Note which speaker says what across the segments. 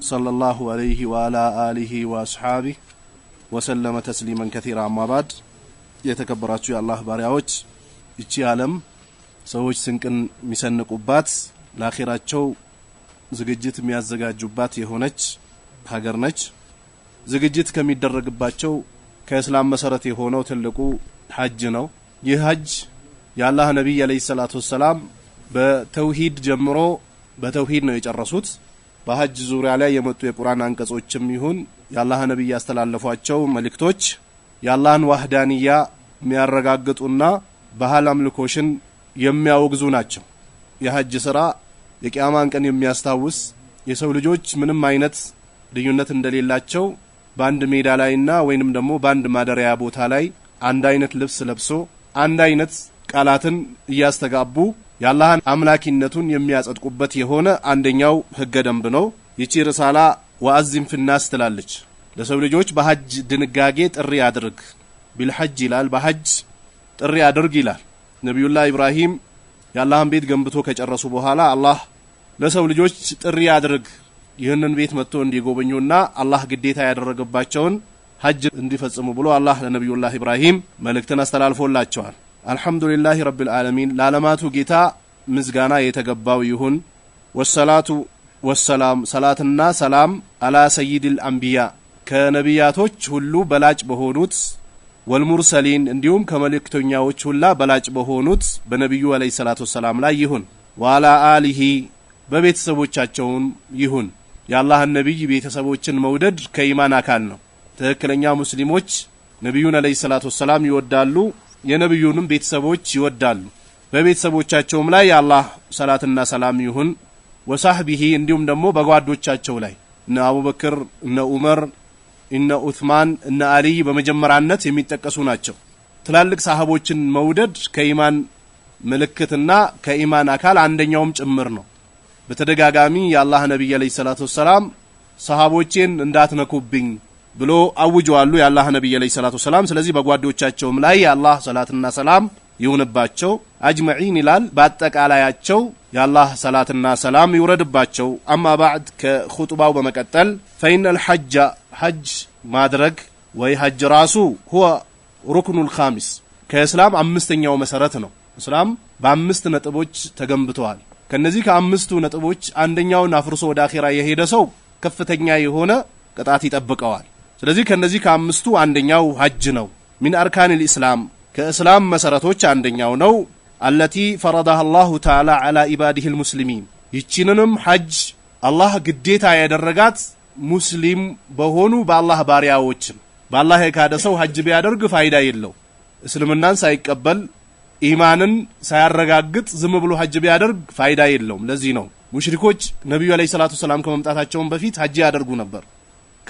Speaker 1: صلى الله عليه وعلى آله وأصحابه وسلم تسليما كثيرا أما بعد የተከበራችሁ የአላህ ባሪያዎች ይቺ ዓለም ሰዎች ስንቅን የሚሰንቁባት ለአኼራቸው ዝግጅት የሚያዘጋጁባት የሆነች ሀገር ነች። ዝግጅት ከሚደረግባቸው ከእስላም መሰረት የሆነው ትልቁ ሀጅ ነው። ይህ ሀጅ የአላህ ነቢይ አለይሂ ሰላቱ ወሰላም በተውሂድ ጀምሮ በተውሂድ ነው የጨረሱት። በሀጅ ዙሪያ ላይ የመጡ የቁርአን አንቀጾችም ይሁን የአላህ ነቢይ ያስተላለፏቸው መልእክቶች የአላህን ዋህዳንያ የሚያረጋግጡና ባህል አምልኮሽን የሚያወግዙ ናቸው። የሀጅ ስራ የቅያማን ቀን የሚያስታውስ የሰው ልጆች ምንም አይነት ልዩነት እንደሌላቸው በአንድ ሜዳ ላይና ወይንም ደግሞ በአንድ ማደሪያ ቦታ ላይ አንድ አይነት ልብስ ለብሶ አንድ አይነት ቃላትን እያስተጋቡ የአላህን አምላኪነቱን የሚያጸድቁበት የሆነ አንደኛው ህገ ደንብ ነው። ይቺ ርሳላ ወአዚም ፍናስ ትላለች። ለሰው ልጆች በሐጅ ድንጋጌ ጥሪ አድርግ ቢልሐጅ ይላል። በሐጅ ጥሪ አድርግ ይላል። ነቢዩላህ ኢብራሂም የአላህን ቤት ገንብቶ ከጨረሱ በኋላ አላህ ለሰው ልጆች ጥሪ አድርግ ይህንን ቤት መጥቶ እንዲጎበኙና አላህ ግዴታ ያደረገባቸውን ሐጅ እንዲፈጽሙ ብሎ አላህ ለነቢዩላህ ኢብራሂም መልእክትን አስተላልፎላቸዋል። አልሐምዱሊላህ ረብል ዓለሚን ለዓለማቱ ጌታ ምዝጋና የተገባው ይሁን። ወሰላቱ ወሰላም ሰላትና ሰላም አላ ሰይድል አንቢያ ከነቢያቶች ሁሉ በላጭ በሆኑት ወልሙርሰሊን እንዲሁም ከመልእክተኛዎች ሁላ በላጭ በሆኑት በነቢዩ አለይሂ ሰላቱ ወሰላም ላይ ይሁን። ዋላ አሊሂ በቤተሰቦቻቸውም ይሁን። የአላህን ነቢይ ቤተሰቦችን መውደድ ከኢማን አካል ነው። ትክክለኛ ሙስሊሞች ነቢዩን አለይሂ ሰላቱ ወሰላም ይወዳሉ። የነብዩንም ቤተሰቦች ይወዳሉ። በቤተሰቦቻቸውም ላይ የአላህ ሰላትና ሰላም ይሁን። ወሳህቢሂ እንዲሁም ደግሞ በጓዶቻቸው ላይ እነ አቡበክር፣ እነ ዑመር፣ እነ ዑትማን፣ እነ አልይ በመጀመሪያነት የሚጠቀሱ ናቸው። ትላልቅ ሳህቦችን መውደድ ከኢማን ምልክትና ከኢማን አካል አንደኛውም ጭምር ነው። በተደጋጋሚ የአላህ ነቢይ አለይሂ ሰላቱ ወሰላም ሰሃቦቼን እንዳትነኩብኝ ብሎ አውጀዋሉ የአላህ ነቢይ ለይ ሰላቱ ሰላም። ስለዚህ በጓዶቻቸውም ላይ የአላህ ሰላትና ሰላም ይሁንባቸው አጅመዒን ይላል። በአጠቃላያቸው የአላህ ሰላትና ሰላም ይውረድባቸው። አማ ባዕድ ከኹጥባው በመቀጠል ፈኢነል ሐጃ ሐጅ ማድረግ ወይ ሐጅ ራሱ ሁወ ሩክኑል ልካሚስ ከእስላም አምስተኛው መሰረት ነው። እስላም በአምስት ነጥቦች ተገንብተዋል። ከነዚህ ከአምስቱ ነጥቦች አንደኛውን አፍርሶ ወደ አኼራ የሄደ ሰው ከፍተኛ የሆነ ቅጣት ይጠብቀዋል። ስለዚህ ከነዚህ ከአምስቱ አንደኛው ሀጅ ነው። ሚን አርካን ልእስላም ከእስላም መሰረቶች አንደኛው ነው። አለቲ ፈረዳህ አላሁ ተዓላ ዓላ ኢባዲህ ልሙስሊሚን ይቺንንም ሐጅ አላህ ግዴታ ያደረጋት ሙስሊም በሆኑ በአላህ ባሪያዎችን። በአላህ የካደ ሰው ሐጅ ቢያደርግ ፋይዳ የለው። እስልምናን ሳይቀበል ኢማንን ሳያረጋግጥ ዝም ብሎ ሐጅ ቢያደርግ ፋይዳ የለውም። ለዚህ ነው ሙሽሪኮች ነቢዩ ዓለይሂ ሰላቱ ሰላም ከመምጣታቸውን በፊት ሐጅ ያደርጉ ነበር።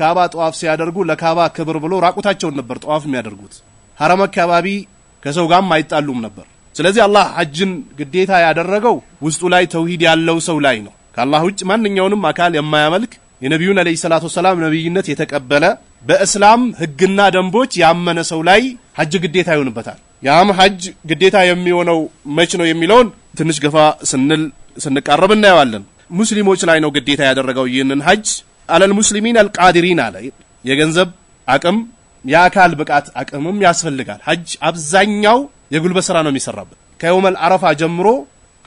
Speaker 1: ካባ ጠዋፍ ሲያደርጉ ለካባ ክብር ብሎ ራቁታቸውን ነበር ጠዋፍ የሚያደርጉት። ሐረም አካባቢ ከሰው ጋርም አይጣሉም ነበር። ስለዚህ አላህ ሐጅን ግዴታ ያደረገው ውስጡ ላይ ተውሂድ ያለው ሰው ላይ ነው። ከአላህ ውጭ ማንኛውንም አካል የማያመልክ የነቢዩን አለይሂ ሰላቱ ወሰላም ነቢይነት የተቀበለ በእስላም ሕግና ደንቦች ያመነ ሰው ላይ ሐጅ ግዴታ ይሆንበታል። ያም ሐጅ ግዴታ የሚሆነው መች ነው የሚለውን ትንሽ ገፋ ስንል ስንቃረብ እናየዋለን። ሙስሊሞች ላይ ነው ግዴታ ያደረገው ይህንን ሐጅ አለል ሙስሊሚን አልቃዲሪን አለ። የገንዘብ አቅም የአካል ብቃት አቅምም ያስፈልጋል። ሀጅ አብዛኛው የጉልበት ስራ ነው የሚሰራበት። ከየውመል አረፋ ጀምሮ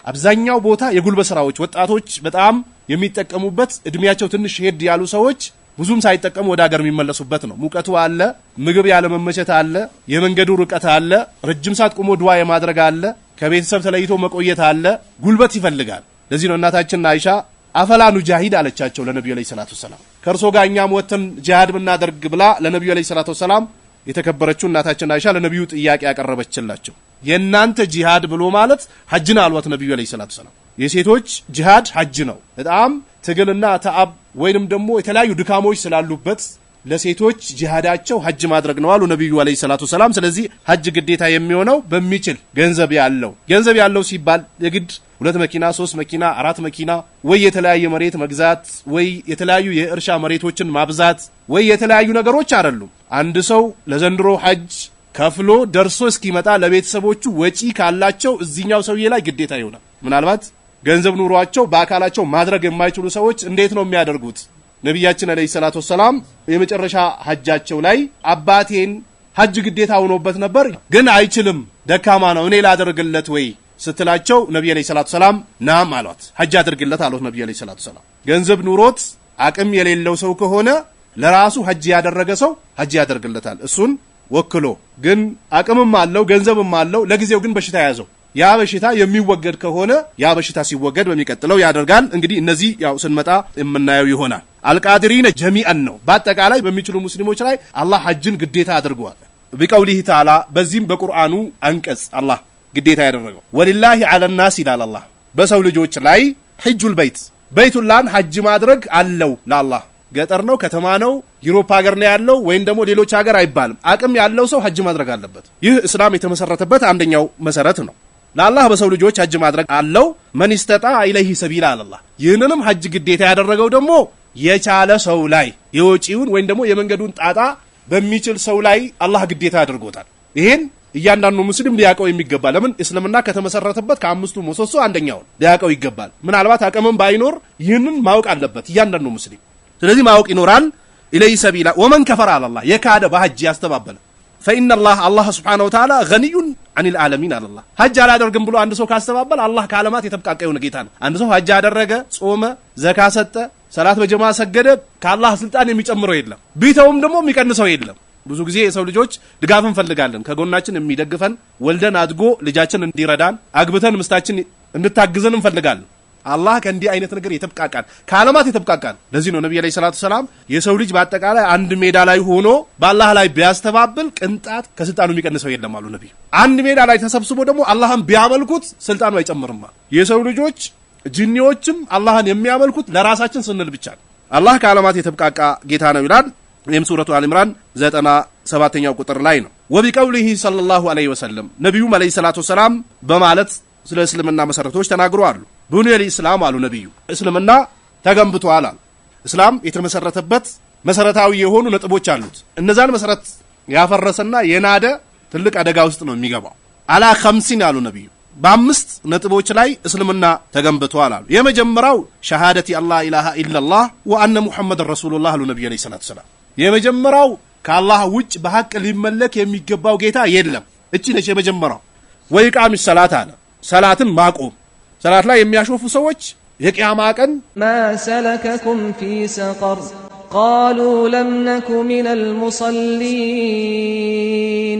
Speaker 1: አብዛኛው ቦታ የጉልበት ስራዎች ወጣቶች በጣም የሚጠቀሙበት እድሜያቸው ትንሽ ሄድ ያሉ ሰዎች ብዙም ሳይጠቀሙ ወደ ሀገር የሚመለሱበት ነው። ሙቀቱ አለ፣ ምግብ ያለመመቸት አለ፣ የመንገዱ ርቀት አለ፣ ረጅም ሰዓት ቁሞ ድዋ የማድረግ አለ፣ ከቤተሰብ ተለይቶ መቆየት አለ። ጉልበት ይፈልጋል። ለዚህ ነው እናታችን አይሻ አፈላ ኑጃሂድ አለቻቸው ለነቢዩ ዐለይሂ ሰላቱ ወሰላም። ከእርሶ ጋር እኛም ወጥተን ጂሃድ ብናደርግ ብላ ለነቢዩ ዐለይሂ ሰላቱ ወሰላም የተከበረችው እናታችን አይሻ ለነቢዩ ጥያቄ ያቀረበችላቸው የእናንተ ጂሃድ ብሎ ማለት ሐጅን አልዋት ነቢዩ ዐለይሂ ሰላቱ ወሰላም። የሴቶች ጂሃድ ሐጅ ነው። በጣም ትግልና ተአብ ወይንም ደግሞ የተለያዩ ድካሞች ስላሉበት ለሴቶች ጂሃዳቸው ሐጅ ማድረግ ነው አሉ ነቢዩ ዐለይሂ ሰላቱ ወሰላም። ስለዚህ ሐጅ ግዴታ የሚሆነው በሚችል ገንዘብ ያለው ገንዘብ ያለው ሲባል የግድ ሁለት መኪና፣ ሶስት መኪና፣ አራት መኪና ወይ የተለያየ መሬት መግዛት ወይ የተለያዩ የእርሻ መሬቶችን ማብዛት ወይ የተለያዩ ነገሮች አይደሉም። አንድ ሰው ለዘንድሮ ሐጅ ከፍሎ ደርሶ እስኪመጣ ለቤተሰቦቹ ወጪ ካላቸው እዚህኛው ሰውዬ ላይ ግዴታ ይሆናል። ምናልባት ገንዘብ ኑሯቸው በአካላቸው ማድረግ የማይችሉ ሰዎች እንዴት ነው የሚያደርጉት? ነቢያችን አለይሂ ሰላቱ ወሰላም የመጨረሻ ሐጃቸው ላይ አባቴን ሐጅ ግዴታ ሆኖበት ነበር፣ ግን አይችልም፣ ደካማ ነው፣ እኔ ላደርግለት ወይ ስትላቸው ነቢ ዐለይሂ ሰላቱ ሰላም ናም አሏት። ሐጅ አድርግለት አሉት ነቢ ዐለይሂ ሰላቱ ሰላም። ገንዘብ ኑሮት አቅም የሌለው ሰው ከሆነ ለራሱ ሐጅ ያደረገ ሰው ሐጅ ያደርግለታል እሱን ወክሎ። ግን አቅምም አለው ገንዘብም አለው፣ ለጊዜው ግን በሽታ የያዘው ያ በሽታ የሚወገድ ከሆነ ያ በሽታ ሲወገድ በሚቀጥለው ያደርጋል። እንግዲህ እነዚህ ያው ስንመጣ የምናየው ይሆናል። አልቃድሪነ ጀሚአን ነው በአጠቃላይ በሚችሉ ሙስሊሞች ላይ አላህ ሐጅን ግዴታ አድርጓል። ቢቀውሊህ ተዓላ በዚህም በቁርአኑ አንቀጽ አላህ ግዴታ ያደረገው። ወሊላህ አለናስ ናስ ይላል አላህ በሰው ልጆች ላይ ሕጁል በይት በይቱላን ሐጅ ማድረግ አለው ለአላህ። ገጠር ነው ከተማ ነው ዩሮፓ ሀገር ነው ያለው ወይም ደግሞ ሌሎች ሀገር አይባልም። አቅም ያለው ሰው ሐጅ ማድረግ አለበት። ይህ እስላም የተመሰረተበት አንደኛው መሰረት ነው። ለአላህ በሰው ልጆች ሐጅ ማድረግ አለው። መን ይስተጣ ኢለይሂ ሰቢላ አለላህ። ይህንንም ሐጅ ግዴታ ያደረገው ደግሞ የቻለ ሰው ላይ የወጪውን ወይም ደግሞ የመንገዱን ጣጣ በሚችል ሰው ላይ አላህ ግዴታ አድርጎታል። ይህን እያንዳንዱ ሙስሊም ሊያቀው የሚገባ ለምን እስልምና ከተመሰረተበት ከአምስቱ ምሰሶ አንደኛውን ሊያቀው ይገባል። ምናልባት አቅምም ባይኖር ይህንን ማወቅ አለበት እያንዳንዱ ሙስሊም። ስለዚህ ማወቅ ይኖራል። ኢለይ ሰቢላ ወመን ከፈረ አላላህ የካደ በሀጅ ያስተባበለ ላህ አላህ ስብሓነሁ ወተዓላ ገኒዩን አኒል ዓለሚን አላላ ሀጅ አላደርግም ብሎ አንድ ሰው ካስተባበል አላህ ከዓለማት የተብቃቀ የሆነ ጌታ ነው። አንድ ሰው ሀጅ አደረገ፣ ጾመ፣ ዘካ ሰጠ፣ ሰላት በጀማ ሰገደ ከአላህ ስልጣን የሚጨምረው የለም፣ ቢተውም ደግሞ የሚቀንሰው የለም። ብዙ ጊዜ የሰው ልጆች ድጋፍ እንፈልጋለን። ከጎናችን የሚደግፈን ወልደን አድጎ ልጃችን እንዲረዳን አግብተን ምስታችን እንድታግዘን እንፈልጋለን። አላህ ከእንዲህ አይነት ነገር የተብቃቃን ከዓለማት የተብቃቃን። ለዚህ ነው ነቢ ዐለይሂ ሰላቱ ሰላም የሰው ልጅ በአጠቃላይ አንድ ሜዳ ላይ ሆኖ በአላህ ላይ ቢያስተባብል ቅንጣት ከስልጣኑ የሚቀንሰው የለም አሉ ነቢዩ። አንድ ሜዳ ላይ ተሰብስቦ ደግሞ አላህን ቢያመልኩት ስልጣኑ አይጨምርም። የሰው ልጆች ጅኒዎችም አላህን የሚያመልኩት ለራሳችን ስንል ብቻ ነው። አላህ ከዓለማት የተብቃቃ ጌታ ነው ይላል። ይህም ሱረቱ አልምራን ዘጠና ሰባተኛው ቁጥር ላይ ነው። ወቢቀውሊህ ሰለላሁ ዐለይሂ ወሰለም ነቢዩም ዐለይሂ ሰላቱ ወሰላም በማለት ስለ እስልምና መሰረቶች ተናግሮ አሉ። ቡኒየል ኢስላም አሉ ነቢዩ እስልምና ተገንብቷል አሉ። እስላም የተመሰረተበት መሰረታዊ የሆኑ ነጥቦች አሉት። እነዛን መሰረት ያፈረሰና የናደ ትልቅ አደጋ ውስጥ ነው የሚገባው። አላ ከምሲን አሉ ነቢዩ በአምስት ነጥቦች ላይ እስልምና ተገንብቷል አሉ። የመጀመሪያው ሸሃደቲ አላ ኢላሃ ኢላላህ ወአነ ሙሐመድን ረሱሉላህ አሉ ነቢዩ ዐለይሂ ሰላቱ ወሰላም የመጀመሪያው ከአላህ ውጭ በሐቅ ሊመለክ የሚገባው ጌታ የለም። እቺ ነች የመጀመሪያው። ወይ ቃሚ ሰላት አለ ሰላትን ማቆም። ሰላት ላይ የሚያሾፉ ሰዎች የቅያማ ቀን
Speaker 2: ማ ሰለከኩም ፊ ሰቀር قالوا لم نك من المصلين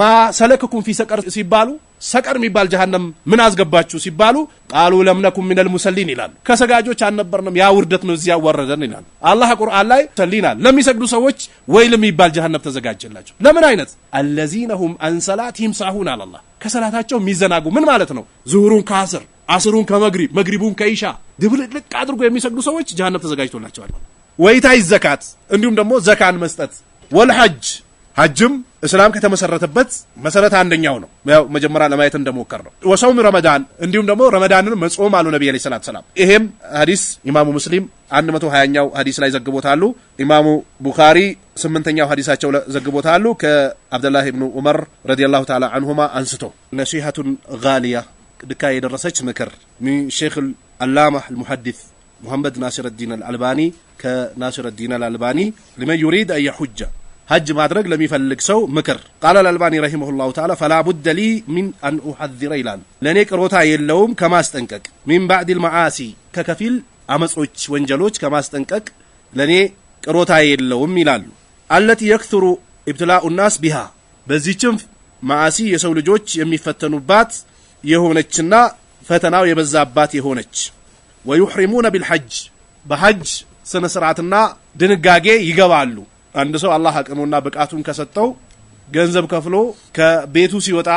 Speaker 1: ما سلككم في سقر سيبالو ሰቀር የሚባል ጀሃነም ምን አስገባችሁ ሲባሉ ቃሉ ለምነኩም ሚነል ሙሰሊን ይላል። ከሰጋጆች አልነበርንም፣ ያ ውርደት ነው እዚህ ያወረደን ይላል። አላህ ቁርአን ላይ ሰሊናል ለሚሰግዱ ሰዎች ወይል የሚባል ጀሃነም ተዘጋጀላቸው። ለምን አይነት አለዚነ ሁም አንሰላትህም ሳሁን አላላ ከሰላታቸው የሚዘናጉ ምን ማለት ነው? ዙሁሩን ከአስር አስሩን ከመግሪብ መግሪቡን ከኢሻ ድብልቅልቅ አድርጎ የሚሰግዱ ሰዎች ጀሃነም ተዘጋጅቶላቸዋል። ويتاي الزكاة انديوم دمو زكاة مستت والحج حجم اسلام كتا مسرت بات مسرت عند نيونو مجمرا لما يتندم وكرر وصوم رمضان انديوم دمو رمضان مسؤوم على النبي عليه الصلاة والسلام اهم حديث امام مسلم عندما تو هاي نيو حديث لا يزقبو تالو امام بخاري سمنت نيو حديث هاتشو زقبو تالو كعبد الله بن عمر رضي الله تعالى عنهما انستو نصيحة غالية دكاية درسج مكر من شيخ العلامة المحدث ሙሐመድ ናሲረዲን አልአልባኒ ከናሲረዲን አልአልባኒ ሊመን ዩሪድ አን የሑጀ ሀጅ ማድረግ ለሚፈልግ ሰው ምክር ቃለ አልአልባኒ ረሂመሁ ላሁ ተዓላ ፈላ ቡደ ሊ ሚን አን ኡሐዚረ ይላል። ለእኔ ቅሮታ የለውም ከማስጠንቀቅ ሚን ባዕድ ልመዓሲ ከከፊል አመጾች፣ ወንጀሎች ከማስጠንቀቅ ለእኔ ቅሮታ የለውም ይላሉ። አለቲ የክቱሩ ኢብትላኡ ናስ ቢሃ በዚህችም መዓሲ የሰው ልጆች የሚፈተኑባት የሆነችና ፈተናው የበዛባት የሆነች ወዩሕሪሙነ ቢልሐጅ በሐጅ ስነ ስርዓትና ድንጋጌ ይገባሉ። አንድ ሰው አላህ አቅሙና ብቃቱን ከሰጠው ገንዘብ ከፍሎ ከቤቱ ሲወጣ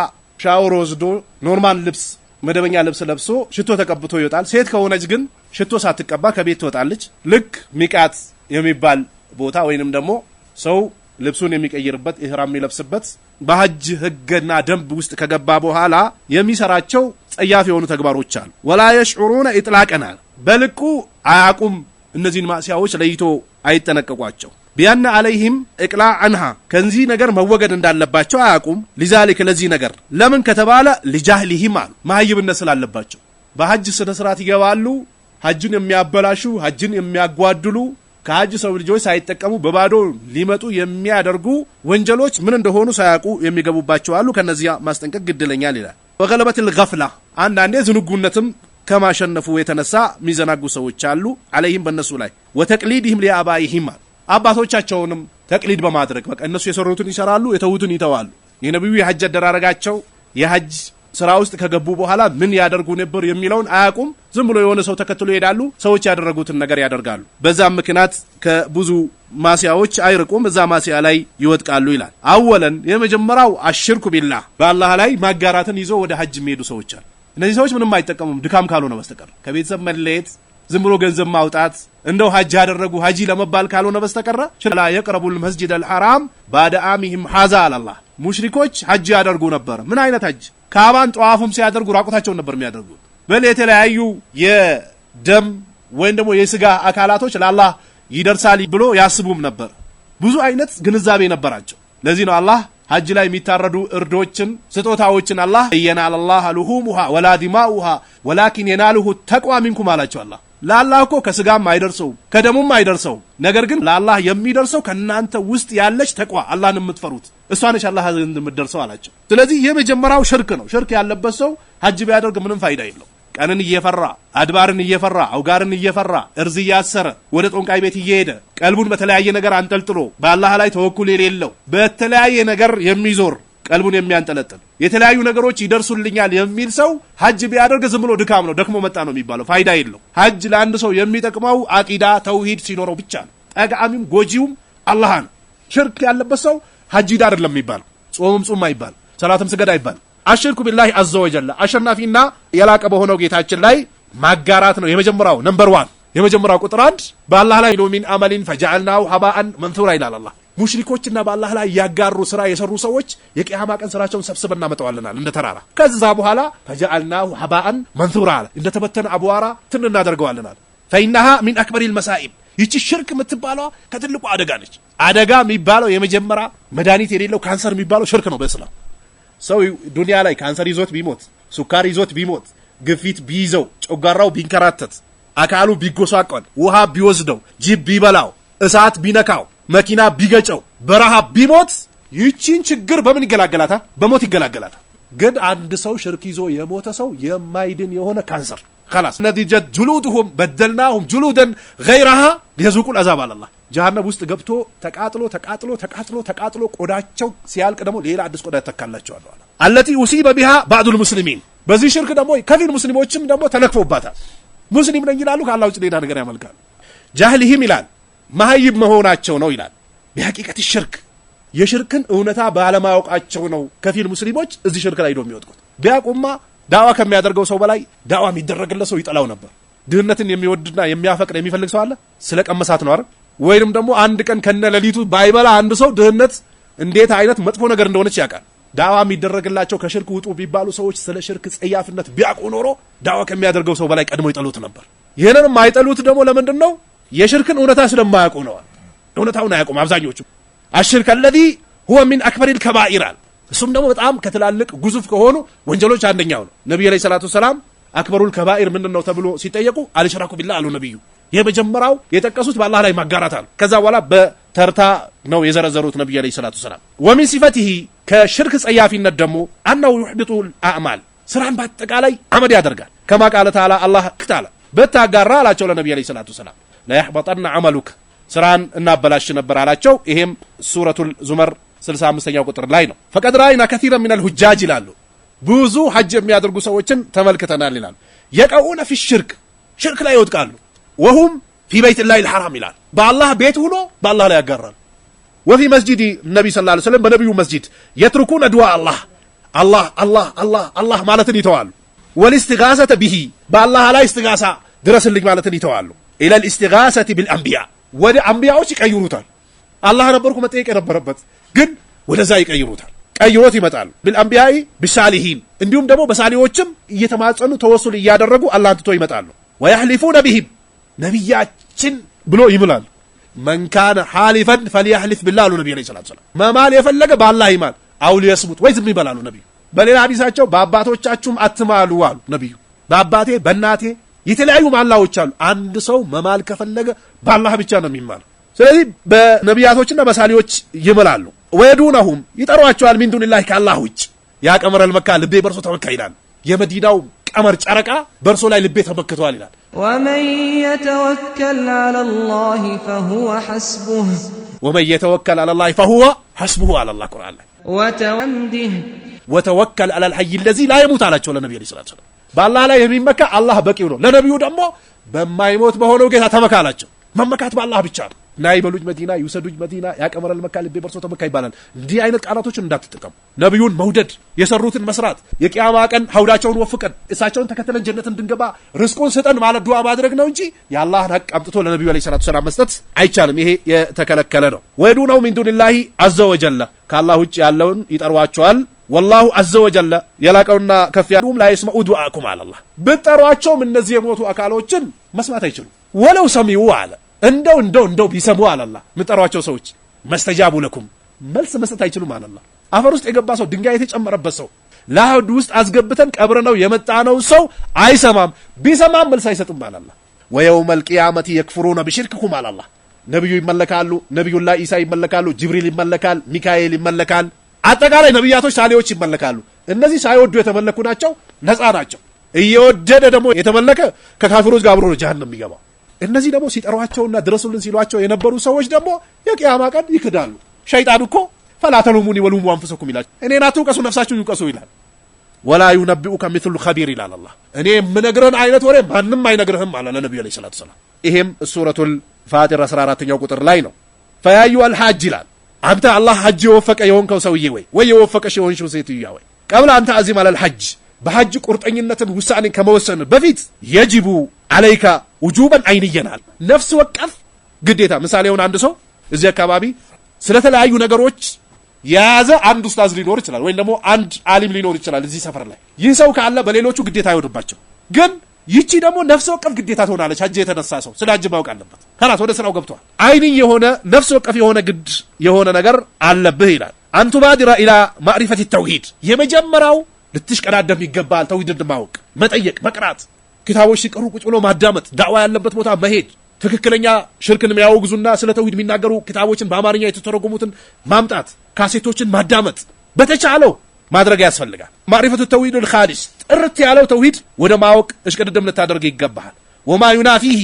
Speaker 1: ሻወር ወስዶ ኖርማል ልብስ መደበኛ ልብስ ለብሶ ሽቶ ተቀብቶ ይወጣል። ሴት ከሆነች ግን ሽቶ ሳትቀባ ከቤት ትወጣለች። ልክ ሚቃት የሚባል ቦታ ወይንም ደግሞ ሰው ልብሱን የሚቀይርበት ኢህራም የሚለብስበት በሀጅ ህግና ደንብ ውስጥ ከገባ በኋላ የሚሰራቸው ጸያፍ የሆኑ ተግባሮች አሉ። ወላ የሽዑሩነ ኢጥላቀናል በልቁ አያቁም። እነዚህን ማእስያዎች ለይቶ አይጠነቀቋቸው ቢያነ አለይህም እቅላ አንሃ ከዚህ ነገር መወገድ እንዳለባቸው አያቁም። ሊዛሊክ ለዚህ ነገር ለምን ከተባለ ልጃህሊህም አሉ ማህይብነት ስላለባቸው በሀጅ ስነ ስርዓት ይገባሉ። ሀጅን የሚያበላሹ ሀጅን የሚያጓድሉ ከአጅ ሰው ልጆች ሳይጠቀሙ በባዶ ሊመጡ የሚያደርጉ ወንጀሎች ምን እንደሆኑ ሳያውቁ የሚገቡባቸው አሉ። ከነዚያ ማስጠንቀቅ ግድለኛል ይላል። ወገለበት ልገፍላ አንዳንዴ ዝንጉነትም ከማሸነፉ የተነሳ የሚዘናጉ ሰዎች አሉ። አለይህም በእነሱ ላይ ወተቅሊድህም ሊአባይህም አባቶቻቸውንም ተቅሊድ በማድረግ በቃ እነሱ የሰሩትን ይሰራሉ፣ የተዉትን ይተዋሉ። የነቢዩ የሀጅ አደራረጋቸው የሀጅ ስራ ውስጥ ከገቡ በኋላ ምን ያደርጉ ነበር የሚለውን አያውቁም። ዝም ብሎ የሆነ ሰው ተከትሎ ይሄዳሉ። ሰዎች ያደረጉትን ነገር ያደርጋሉ። በዛም ምክንያት ከብዙ ማስያዎች አይርቁም፣ እዛ ማስያ ላይ ይወጥቃሉ ይላል። አወለን የመጀመሪያው አሽርኩ ቢላ በአላህ ላይ ማጋራትን ይዞ ወደ ሀጅ የሚሄዱ ሰዎች አሉ። እነዚህ ሰዎች ምንም አይጠቀሙም ድካም ካልሆነ በስተቀር ከቤተሰብ መለየት ዝም ብሎ ገንዘብ ማውጣት እንደው ሀጅ ያደረጉ ሀጂ ለመባል ካልሆነ በስተቀረ ላ የቅረቡል መስጂድ አልሐራም ባደ አሚህም ሀዛ አላላህ ሙሽሪኮች ሀጅ ያደርጉ ነበር። ምን አይነት ሀጅ ካባን ጠዋፉም ሲያደርጉ ራቁታቸውን ነበር የሚያደርጉት። በል የተለያዩ የደም ወይም ደግሞ የስጋ አካላቶች ለአላህ ይደርሳል ብሎ ያስቡም ነበር። ብዙ አይነት ግንዛቤ ነበራቸው። ለዚህ ነው አላህ ሀጅ ላይ የሚታረዱ እርዶችን ስጦታዎችን አላህ የናል አላህ ልሁም ውሃ ወላ ዲማ ውሃ ወላኪን የናልሁ ተቋ ሚንኩም አላቸው። አላህ ለአላህ እኮ ከስጋም አይደርሰውም ከደሙም አይደርሰውም። ነገር ግን ለአላህ የሚደርሰው ከእናንተ ውስጥ ያለች ተቋ አላህን የምትፈሩት እሷ ነች አላህ ዘንድ የምትደርሰው አላቸው። ስለዚህ የመጀመሪያው ሽርክ ነው። ሽርክ ያለበት ሰው ሀጅ ቢያደርግ ምንም ፋይዳ የለው። ቀንን እየፈራ አድባርን እየፈራ አውጋርን እየፈራ እርዝ እያሰረ ወደ ጦንቃይ ቤት እየሄደ ቀልቡን በተለያየ ነገር አንጠልጥሎ በአላህ ላይ ተወኩል የሌለው በተለያየ ነገር የሚዞር ቀልቡን የሚያንጠለጥል የተለያዩ ነገሮች ይደርሱልኛል የሚል ሰው ሀጅ ቢያደርግ ዝም ብሎ ድካም ነው፣ ደክሞ መጣ ነው የሚባለው። ፋይዳ የለው። ሀጅ ለአንድ ሰው የሚጠቅመው አቂዳ ተውሂድ ሲኖረው ብቻ ነው። ጠቃሚም ጎጂውም አላህ ነው። ሽርክ ያለበት ሰው ሀጅ ሂድ አይደለም የሚባል ጾምም ጹም አይባል ሰላትም ስገድ አይባል አሽርኩ ቢላህ አዘ ወጀላ አሸናፊና የላቀ በሆነው ጌታችን ላይ ማጋራት ነው የመጀመሪያው ነምበር ዋን የመጀመሪያው ቁጥር አንድ በአላህ ላይ ሚን አመሊን ፈጃአልናሁ ሀባአን መንቱራ ይላል አላህ ሙሽሪኮችና በአላህ ላይ ያጋሩ ስራ የሰሩ ሰዎች የቅያማ ቀን ስራቸውን ሰብስበን እናመጣዋለናል እንደ ተራራ። ከዛ በኋላ ፈጃአልናሁ ሀባአን መንቱራ አለ እንደተበተነ አቧራ ትን እናደርገዋለናል። ፈኢናሃ ሚን አክበሪል መሳኢብ ይቺ ሽርክ የምትባለዋ ከትልቁ አደጋ ነች። አደጋ የሚባለው የመጀመሪያ መድኃኒት የሌለው ካንሰር የሚባለው ሽርክ ነው። በእስላም ሰው ዱንያ ላይ ካንሰር ይዞት ቢሞት፣ ሱካር ይዞት ቢሞት፣ ግፊት ቢይዘው፣ ጨጓራው ቢንከራተት፣ አካሉ ቢጎሳቆል፣ ውሃ ቢወስደው፣ ጅብ ቢበላው፣ እሳት ቢነካው፣ መኪና ቢገጨው፣ በረሃ ቢሞት ይቺን ችግር በምን ይገላገላታል? በሞት ይገላገላታል። ግን አንድ ሰው ሽርክ ይዞ የሞተ ሰው የማይድን የሆነ ካንሰር ላስ ነዲጀ ጅሉድሁም በደልናሁም ጅሉደን ገይረሃ የዙቁል አዛብ አላላ ጀሃነም ውስጥ ገብቶ ተቃጥሎ ተቃጥሎ ተቃጥሎ ተቃጥሎ ቆዳቸው ሲያልቅ ደግሞ ሌላ አዲስ ቆዳ ይተካላቸዋል። አለቲ ኡሲበ ቢሃ ባዕዱል ሙስሊሚን በዚህ ሽርክ ደግሞ ከፊል ሙስሊሞችም ደግሞ ተለክፎባታል። ሙስሊም ነኝ ይላሉ፣ ከአላህ ውጭ ሌላ ነገር ያመልካሉ። ጃህልህም ይላል መሀይብ መሆናቸው ነው ይላል። በሐቂቀት ሽርክ የሽርክን እውነታ ባለማወቃቸው ነው ከፊል ሙስሊሞች እዚህ ሽርክ ላይ ሄዶ የሚወጥቁት ቢያቁማ ዳዋ ከሚያደርገው ሰው በላይ ዳዋ የሚደረግለት ሰው ይጠላው ነበር። ድህነትን የሚወድና የሚያፈቅር የሚፈልግ ሰው አለ? ስለ ቀመሳት ነው አይደል? ወይንም ደግሞ አንድ ቀን ከነ ሌሊቱ ባይበላ አንድ ሰው ድህነት እንዴት አይነት መጥፎ ነገር እንደሆነች ያውቃል። ዳዋ የሚደረግላቸው ከሽርክ ውጡ ቢባሉ ሰዎች ስለ ሽርክ ጸያፍነት ቢያውቁ ኖሮ ዳዋ ከሚያደርገው ሰው በላይ ቀድሞ ይጠሉት ነበር። ይህንን የማይጠሉት ደግሞ ለምንድን ነው? የሽርክን እውነታ ስለማያውቁ ነዋል። እውነታውን አያውቁም አብዛኞቹ። አሽርክ አለዚ ሁወ ሚን አክበሪል ከባኢር አል እሱም ደግሞ በጣም ከትላልቅ ጉዙፍ ከሆኑ ወንጀሎች አንደኛው ነው። ነቢዩ ዐለይሂ ሰላቱ ሰላም አክበሩል ከባኢር ምንድን ነው ተብሎ ሲጠየቁ አልሽራኩ ቢላ አሉ ነቢዩ። የመጀመሪያው የጠቀሱት በአላህ ላይ ማጋራት አሉ። ከዛ በኋላ በተርታ ነው የዘረዘሩት ነቢዩ ዐለይሂ ሰላቱ ሰላም። ወሚን ሲፈቲሂ ከሽርክ ጸያፊነት ደግሞ አናው ዩሕቢጡ አዕማል ስራን በአጠቃላይ አመድ ያደርጋል። ከማ ቃለ ተዓላ አላህ ክታለ በታጋራ አላቸው ለነቢዩ ዐለይሂ ሰላቱ ሰላም ለያሕበጠና አመሉክ ስራን እናበላሽ ነበር አላቸው። ይሄም ሱረቱል ዙመር 65ኛው ቁጥር ላይ ነው። ፈቀድ ራአይና ከሲረ ሚነል ሁጃጅ ይላሉ። ብዙ ሐጅ የሚያደርጉ ሰዎችን ተመልክተናል ይላሉ። የቀኡነ ፊ ሽርክ ሽርክ ላይ ይወድቃሉ። ወሁም ፊ በይትላሂ ልሐራም ይላል። በአላህ ቤት ሁኖ በአላህ ላይ ያጋራሉ። ወፊ መስጂድ ነቢ ስላ ስለም በነቢዩ መስጂድ የትርኩነ ድዋ አላህ አላህ አላህ አላህ አላህ ማለትን ይተዋሉ። ወልስትጋሰተ ብሂ በአላህ ላይ እስትጋሳ ድረስልኝ ማለትን ይተዋሉ። ኢለል እስትጋሰቲ ቢልአንቢያ ወደ አንቢያዎች ይቀይሩታል። አላህ ነበርኩ መጠየቅ የነበረበት ግን ወደዛ ይቀይሩታል። ቀይሮት ይመጣሉ። ብልአንቢያኢ ብሳሊሂን እንዲሁም ደግሞ በሳሊዎችም እየተማጸኑ ተወሱል እያደረጉ አላህ ትቶ ይመጣሉ። ወያህሊፉነ ቢሂም ነቢያችን ብሎ ይምላሉ። መንካነ ሓሊፈን ፈልያህሊፍ ብላ አሉ ነቢ ለ ስላት መማል የፈለገ በአላህ ይማል አው ሊየስሙት ወይ ዝም ይበላሉ ነቢዩ። በሌላ ሀዲሳቸው በአባቶቻችሁም አትማሉ አሉ ነቢዩ። በአባቴ በእናቴ የተለያዩ ማላዎች አሉ። አንድ ሰው መማል ከፈለገ በአላህ ብቻ ነው የሚማለው። ስለዚህ በነቢያቶችና በሳሊዎች ይምላሉ። ወየዱነሁም ይጠሯቸዋል። ሚን ከአላህ ውጭ ያ ቀመረል መካ ልቤ በርሶ ተመካ ይላል። የመዲናው ቀመር ጨረቃ በርሶ ላይ ልቤ ተመክተዋል ይላል።
Speaker 2: ወመን የተወከል አለላህ ፈሁወ ሐስቡህ
Speaker 1: ወመን የተወከል አለላህ ፈሁወ ሐስቡህ አለላህ ቁርአን ላይ
Speaker 2: ወተወምዲህ
Speaker 1: ወተወከል አለል ሐይ ለዚ ላ የሙት አላቸው ለነቢዩ ዐለይሂ ሰላቱ ወሰላም። በአላህ ላይ የሚመካ አላህ በቂው ነው። ለነቢዩ ደግሞ በማይሞት በሆነው ጌታ ተመካ አላቸው። መመካት በአላህ ብቻ ነው። ና በሉኝ መዲና ይውሰዱኝ መዲና ያቀመረል መካ ልቤ በርሶ ተመካ ይባላል። እንዲህ አይነት ቃላቶችን እንዳትጠቀሙ። ነቢዩን መውደድ፣ የሰሩትን መስራት፣ የቅያማ ቀን ሀውዳቸውን ወፍቀን እሳቸውን ተከተለን ጀነት እንድንገባ ርስቁን ስጠን ማለት ዱዓ ማድረግ ነው እንጂ የአላህን ሀቅ አምጥቶ ለነቢዩ ዐለይሂ ሰላቱ ሰላም መስጠት አይቻልም። ይሄ የተከለከለ ነው። ወየዱነሁ ሚን ዱኒላሂ አዘ ወጀለ ከአላህ ውጭ ያለውን ይጠሯቸዋል። ወላሁ አዘ ወጀለ የላቀውና ከፍ ያሉም ላይስመዑ ዱዓኩም አላህ ብጠሯቸውም እነዚህ የሞቱ አካሎችን መስማት አይችሉም። ወለው ሰሚዑ አለ እንደው እንደው እንደው ቢሰሙ አላላ ምጠሯቸው ሰዎች መስተጃቡ ለኩም መልስ መስጠት አይችሉም አላላ አፈር ውስጥ የገባ ሰው ድንጋይ የተጨመረበት ሰው ለአህዱ ውስጥ አስገብተን ቀብር ነው የመጣ ነው ሰው አይሰማም። ቢሰማም መልስ አይሰጥም አላላ ወየውመ ልቅያመቲ የክፍሩነ ብሽርክኩም አላላ ነቢዩ ይመለካሉ። ነቢዩላ ኢሳ ይመለካሉ። ጅብሪል ይመለካል። ሚካኤል ይመለካል። አጠቃላይ ነቢያቶች ሳሌዎች ይመለካሉ። እነዚህ ሳይወዱ የተመለኩ ናቸው፣ ነፃ ናቸው። እየወደደ ደግሞ የተመለከ ከካፊሮች ጋር አብሮ ነው ጀሃነም የሚገባው። እነዚህ ደግሞ ሲጠሯቸውና ድረሱልን ሲሏቸው የነበሩ ሰዎች ደግሞ የቅያማ ቀን ይክዳሉ። ሸይጣን እኮ ፈላተሉሙኒ ወሉሙ አንፍሰኩም ይላል። እኔን አትውቀሱ ነፍሳችሁን ይውቀሱ ይላል። ወላ ዩነቢኡከ ሚስሉ ኸቢር ይላል አላህ። እኔ የምነግርህን አይነት ወሬ ማንም አይነግርህም አለ ለነቢዩ ዓለይሂ ሰላቱ ሰላም። ይሄም ሱረቱል ፋጢር 14ኛው ቁጥር ላይ ነው። ፈያዩ አልሐጅ ይላል። አንተ አላህ ሐጅ የወፈቀ የሆንከው ሰውዬ ወይ ወይ የወፈቀሽ የሆንሽው ሴትዮዋ ወይ ቀብለ አንተ አዚም አለልሐጅ በሐጅ ቁርጠኝነትን ውሳኔ ከመወሰን በፊት የጅቡ አለይካ ውጁበን አይንየናል ነፍስ ወቀፍ ግዴታ። ምሳሌውን አንድ ሰው እዚህ አካባቢ ስለተለያዩ ነገሮች የያዘ አንድ ኡስታዝ ሊኖር ይችላል፣ ወይም ደግሞ አንድ አሊም ሊኖር ይችላል እዚህ ሰፈር ላይ። ይህ ሰው ካለ በሌሎቹ ግዴታ አይሆንባቸው፣ ግን ይቺ ደግሞ ነፍስ ወቀፍ ግዴታ ትሆናለች። ሀጅ የተነሳ ሰው ስለ ሀጅ ማወቅ አለበት። ከላስ ወደ ስራው ገብተዋል። አይን የሆነ ነፍስ ወቀፍ የሆነ ግድ የሆነ ነገር አለብህ ይላል። አንቱባዲራ ኢላ ማዕሪፈት ተውሂድ የመጀመሪያው ልትሽቀዳደም ይገባል። ተውሂድን ማወቅ፣ መጠየቅ፣ መቅራት ኪታቦች ሲቀሩ ቁጭ ብሎ ማዳመጥ፣ ዳዕዋ ያለበት ቦታ መሄድ፣ ትክክለኛ ሽርክን የሚያወግዙና ስለ ተውሂድ የሚናገሩ ኪታቦችን በአማርኛ የተተረጎሙትን ማምጣት፣ ካሴቶችን ማዳመጥ በተቻለው ማድረግ ያስፈልጋል። ማዕሪፈቱ ተውሂድ ልካሊስ ጥርት ያለው ተውሂድ ወደ ማወቅ እሽቅድድም ልታደርግ ይገባሃል። ወማ ዩናፊሂ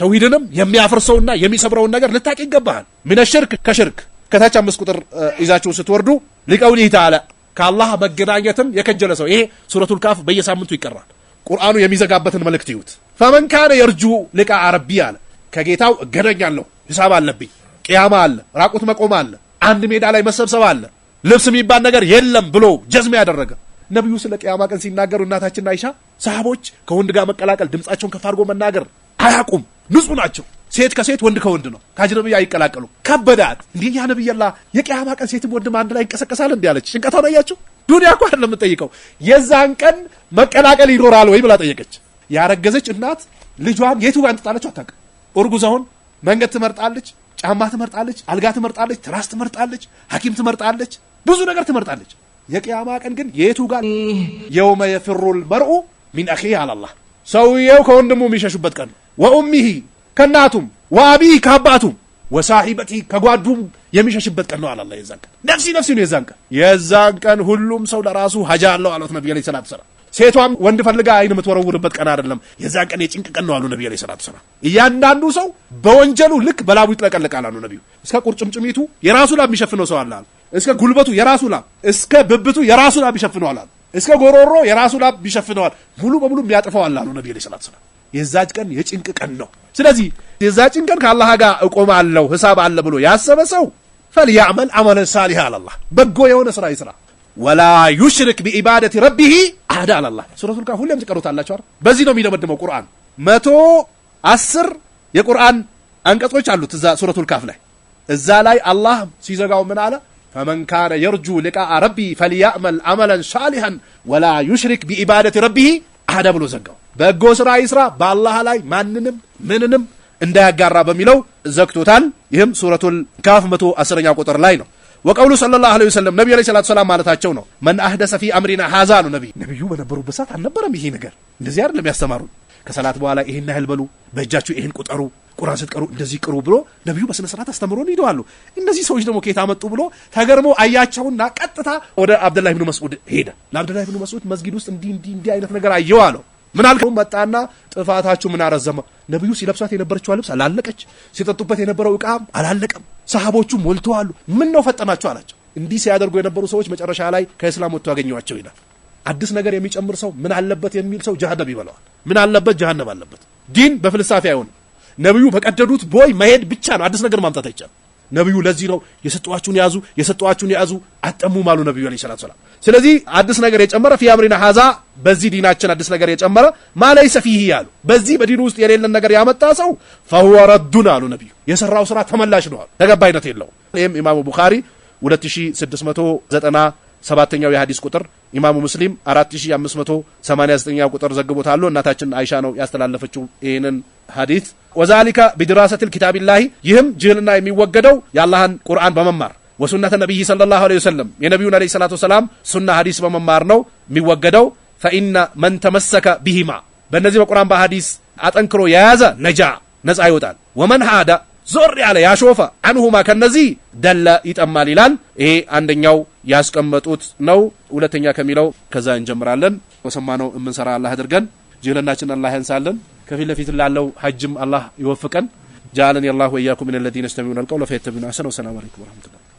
Speaker 1: ተውሂድንም የሚያፈርሰውና የሚሰብረውን ነገር ልታቅ ይገባሃል። ሚነ ሽርክ ከሽርክ ከታች አምስት ቁጥር ይዛችሁ ስትወርዱ ሊቀውሊህ ተዓላ ከአላህ መገናኘትም የከጀለ ሰው ይሄ ሱረቱል ካፍ በየሳምንቱ ይቀራል። ቁርአኑ የሚዘጋበትን መልእክት ይዩት። ፈመን ካነ የርጁ ልቃ አረቢ አለ ከጌታው እገናኛለሁ፣ ሂሳብ አለብኝ፣ ቅያማ አለ፣ ራቁት መቆም አለ፣ አንድ ሜዳ ላይ መሰብሰብ አለ፣ ልብስ የሚባል ነገር የለም ብሎ ጀዝም ያደረገ ነቢዩ ስለ ቅያማ ቀን ሲናገሩ እናታችን አይሻ ሰሃቦች ከወንድ ጋር መቀላቀል ድምፃቸውን ከፍ አድርጎ መናገር አያቁም ንጹህ ናቸው። ሴት ከሴት ወንድ ከወንድ ነው። ከሀጅ ነብይ አይቀላቀሉም። ከበዳት እንዲህ ያ ነብያላ የቅያማ ቀን ሴትም ወንድም አንድ ላይ ይንቀሰቀሳል እንዲ ያለች ጭንቀቷን አያችሁ። ዱኒያ እኳ አይደለም የምጠይቀው፣ የዛን ቀን መቀላቀል ይኖራል ወይ ብላ ጠየቀች። ያረገዘች እናት ልጇን የቱ ጋር እንጥጣለች አታውቅም። እርጉዛውን መንገድ ትመርጣለች፣ ጫማ ትመርጣለች፣ አልጋ ትመርጣለች፣ ትራስ ትመርጣለች፣ ሐኪም ትመርጣለች፣ ብዙ ነገር ትመርጣለች። የቅያማ ቀን ግን የቱ ጋር የውመ የፍሩ ልመርኡ ሚን አኺ አላላህ ሰውየው ከወንድሙ የሚሸሹበት ቀን ወኡሚሂ ከእናቱም ወአቢ ከአባቱም ወሳሒበቲ ከጓዱም የሚሸሽበት ቀን ነው አለ የዛን ቀን ነፍሲ ነፍሲ ነው። የዛን ቀን የዛን ቀን ሁሉም ሰው ለራሱ ሀጃ አለው አለት ነቢ ዐለይሂ ሰላቱ ሰላም። ሴቷም ወንድ ፈልጋ አይን የምትወረውርበት ቀን አይደለም። የዛን ቀን የጭንቅ ቀን ነው አሉ ነቢ ዐለይሂ ሰላቱ ሰላም። እያንዳንዱ ሰው በወንጀሉ ልክ በላቡ ይጥለቀለቃል አሉ ነቢዩ። እስከ ቁርጭምጭሚቱ የራሱ ላብ የሚሸፍነው ሰው አለ አሉ። እስከ ጉልበቱ የራሱ ላብ፣ እስከ ብብቱ የራሱ ላብ ይሸፍነዋል አሉ። እስከ ጎሮሮ የራሱ ላብ ይሸፍነዋል። ሙሉ በሙሉ የሚያጥፈዋል አሉ ነቢ ዐለይሂ ሰላም። የዛች ቀን የጭንቅ ቀን ነው። ስለዚህ የዛችን ቀን ከአላህ ጋር እቆማለሁ ህሳብ አለ ብሎ ያሰበ ሰው ፈልያዕመል አመለን ሳሊሃ አላላህ በጎ የሆነ ስራ ይስራ። ወላ ዩሽሪክ ቢዒባደቲ ረቢሂ አህዳ አላላህ ሱረቱል ካህፍ ሁሌም ትቀሩታላችሁ። በዚህ ነው የሚደመድመው ቁርአን። መቶ አስር የቁርአን አንቀጾች አሉት እዛ ሱረቱል ካህፍ ላይ። እዛ ላይ አላህ ሲዘጋው ምን አለ? ፈመን ካነ የርጁ ሊቃአ ረቢ ፈልያዕመል አመለን ሳሊሃን ወላ ዩሽሪክ ቢዒባደቲ ረቢሂ አህዳ ብሎ ዘጋው። በጎ ስራ ይስራ፣ በአላህ ላይ ማንንም ምንንም እንዳያጋራ በሚለው ዘግቶታል። ይህም ሱረቱል ካፍ መቶ አስረኛ ቁጥር ላይ ነው። ወቀውሉ ሰለላሁ ዐለይሂ ወሰለም ነቢዩ ዐለይሂ ሰላቱ ሰላም ማለታቸው ነው። መን አህደሰ ፊ አምሪና ሀዛ አሉ ነቢይ። ነቢዩ በነበሩበት ሰዓት አልነበረም ይሄ ነገር። እንደዚህ አይደለም ያስተማሩ። ከሰላት በኋላ ይህን ያህል በሉ፣ በእጃችሁ ይህን ቁጠሩ፣ ቁራን ስትቀሩ እንደዚህ ቅሩ ብሎ ነቢዩ በስነ ስርዓት አስተምሮን ይደዋሉ። እነዚህ ሰዎች ደግሞ ከየት አመጡ ብሎ ተገርሞ አያቸውና ቀጥታ ወደ አብደላህ ብኑ መስዑድ ሄደ። ለአብደላህ ብኑ መስዑድ መስጊድ ውስጥ እንዲህ እንዲህ እንዲህ አይነት ነገር አየው አለው ምን መጣና ጥፋታችሁ ምን አረዘመ? ነብዩ ሲለብሷት የነበረችዋ ልብስ አላለቀች፣ ሲጠጡበት የነበረው እቃም አላለቀም፣ ሰሃቦቹ ሞልተዋሉ። ምን ነው ፈጠናችሁ አላቸው። እንዲህ ሲያደርጉ የነበሩ ሰዎች መጨረሻ ላይ ከእስላም ወጥቶ ያገኘዋቸው ይላል። አዲስ ነገር የሚጨምር ሰው ምን አለበት የሚል ሰው ጀሃነም ይበላዋል። ምን አለበት ጀሃነም አለበት። ዲን በፍልሳፊ አይሆንም። ነብዩ በቀደዱት ቦይ መሄድ ብቻ ነው። አዲስ ነገር ማምጣት አይቻልም። ነቢዩ ለዚህ ነው የሰጠዋችሁን ያዙ የሰጠዋችሁን ያዙ አጠሙም አሉ ነቢዩ ዐለይሂ ሰላቱ ሰላም። ስለዚህ አዲስ ነገር የጨመረ ፊ አምሪና ሀዛ በዚህ ዲናችን አዲስ ነገር የጨመረ ማለይሰ ፊሂ ያሉ በዚህ በዲኑ ውስጥ የሌለን ነገር ያመጣ ሰው ፈሁወ ረዱን አሉ ነቢዩ። የሰራው ስራ ተመላሽ ነው ተገባይነት የለውም። ይህም ኢማሙ ቡኻሪ 2690 ሰባተኛው የሀዲስ ቁጥር ኢማሙ ሙስሊም 4589 ቁጥር ዘግቦታሉ። እናታችን አይሻ ነው ያስተላለፈችው ይህንን ሀዲት። ወዛሊካ ቢድራሰትል ኪታቢላሂ ይህም ጅህልና የሚወገደው የአላህን ቁርአን በመማር ወሱነተ ነቢይ ሰለላሁ ዐለይሂ ወሰለም የነቢዩን ዐለይሂ ሰላቱ ወሰላም ሱና ሀዲስ በመማር ነው የሚወገደው። ፈኢነ መን ተመሰከ ቢሂማ በእነዚህ በቁርአን በሀዲስ አጠንክሮ የያዘ ነጃ ነጻ ይወጣል። ወመን ሀዳ ዞር ያለ ያሾፈ አንሁማ ከነዚህ ደለ ይጠማል ይላል። ይሄ አንደኛው ያስቀመጡት ነው። ሁለተኛ ከሚለው ከዛ እንጀምራለን። ወሰማነው የምንሰራ አላህ አድርገን ጅህልናችን አላህ ያንሳለን። ከፊት ለፊት ላለው ሀጅም አላህ ይወፍቀን። ጃአለን የላሁ ወኢያኩም ሚን ለዚነ የስተሚዑነ አልቀውለ ፈየተቢዑነ አሕሰነሁ። ወሰላሙ አለይኩም ወረሕመቱላህ